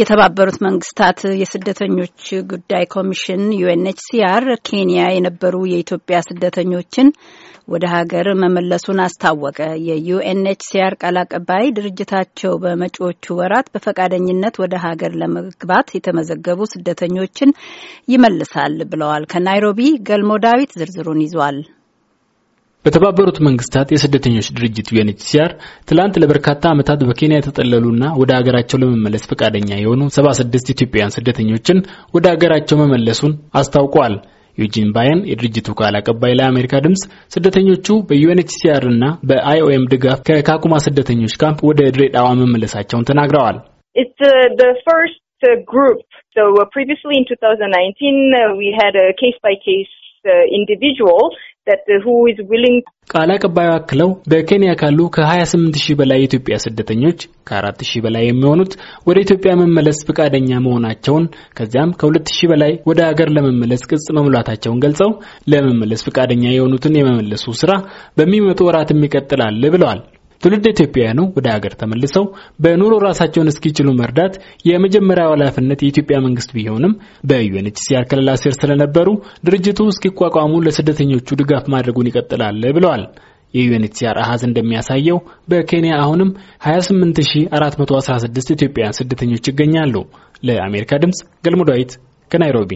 የተባበሩት መንግስታት የስደተኞች ጉዳይ ኮሚሽን ዩኤንኤችሲአር ኬንያ የነበሩ የኢትዮጵያ ስደተኞችን ወደ ሀገር መመለሱን አስታወቀ። የዩኤንኤችሲአር ቃል አቀባይ ድርጅታቸው በመጪዎቹ ወራት በፈቃደኝነት ወደ ሀገር ለመግባት የተመዘገቡ ስደተኞችን ይመልሳል ብለዋል። ከናይሮቢ ገልሞ ዳዊት ዝርዝሩን ይዟል። በተባበሩት መንግስታት የስደተኞች ድርጅት ዩኤንኤችሲአር ትላንት ለበርካታ ዓመታት በኬንያ የተጠለሉና ወደ አገራቸው ለመመለስ ፈቃደኛ የሆኑ 76 ኢትዮጵያውያን ስደተኞችን ወደ አገራቸው መመለሱን አስታውቋል። ዩጂን ባየን የድርጅቱ ቃል አቀባይ ለአሜሪካ ድምፅ ስደተኞቹ በዩኤንኤችሲአር እና በአይኦኤም ድጋፍ ከካኩማ ስደተኞች ካምፕ ወደ ድሬዳዋ መመለሳቸውን ተናግረዋል። Uh, ቃል አቀባዩ አክለው በኬንያ ካሉ ከ28 ሺህ በላይ የኢትዮጵያ ስደተኞች ከ4 ሺህ በላይ የሚሆኑት ወደ ኢትዮጵያ መመለስ ፈቃደኛ መሆናቸውን ከዚያም ከ2 ሺህ በላይ ወደ ሀገር ለመመለስ ቅጽ መሙላታቸውን ገልጸው ለመመለስ ፈቃደኛ የሆኑትን የመመለሱ ስራ በሚመጡ ወራትም ይቀጥላል ብለዋል። ትውልድ ኢትዮጵያውያኑ ወደ ሀገር ተመልሰው በኑሮ ራሳቸውን እስኪችሉ መርዳት የመጀመሪያው ኃላፊነት የኢትዮጵያ መንግስት ቢሆንም በዩኤንኤችሲአር ከለላ ስር ስለነበሩ ድርጅቱ እስኪቋቋሙ ለስደተኞቹ ድጋፍ ማድረጉን ይቀጥላል ብለዋል። የዩኤንኤችሲአር አሃዝ እንደሚያሳየው በኬንያ አሁንም 28416 ኢትዮጵያውያን ስደተኞች ይገኛሉ። ለአሜሪካ ድምፅ ገልሞ ከናይሮቢ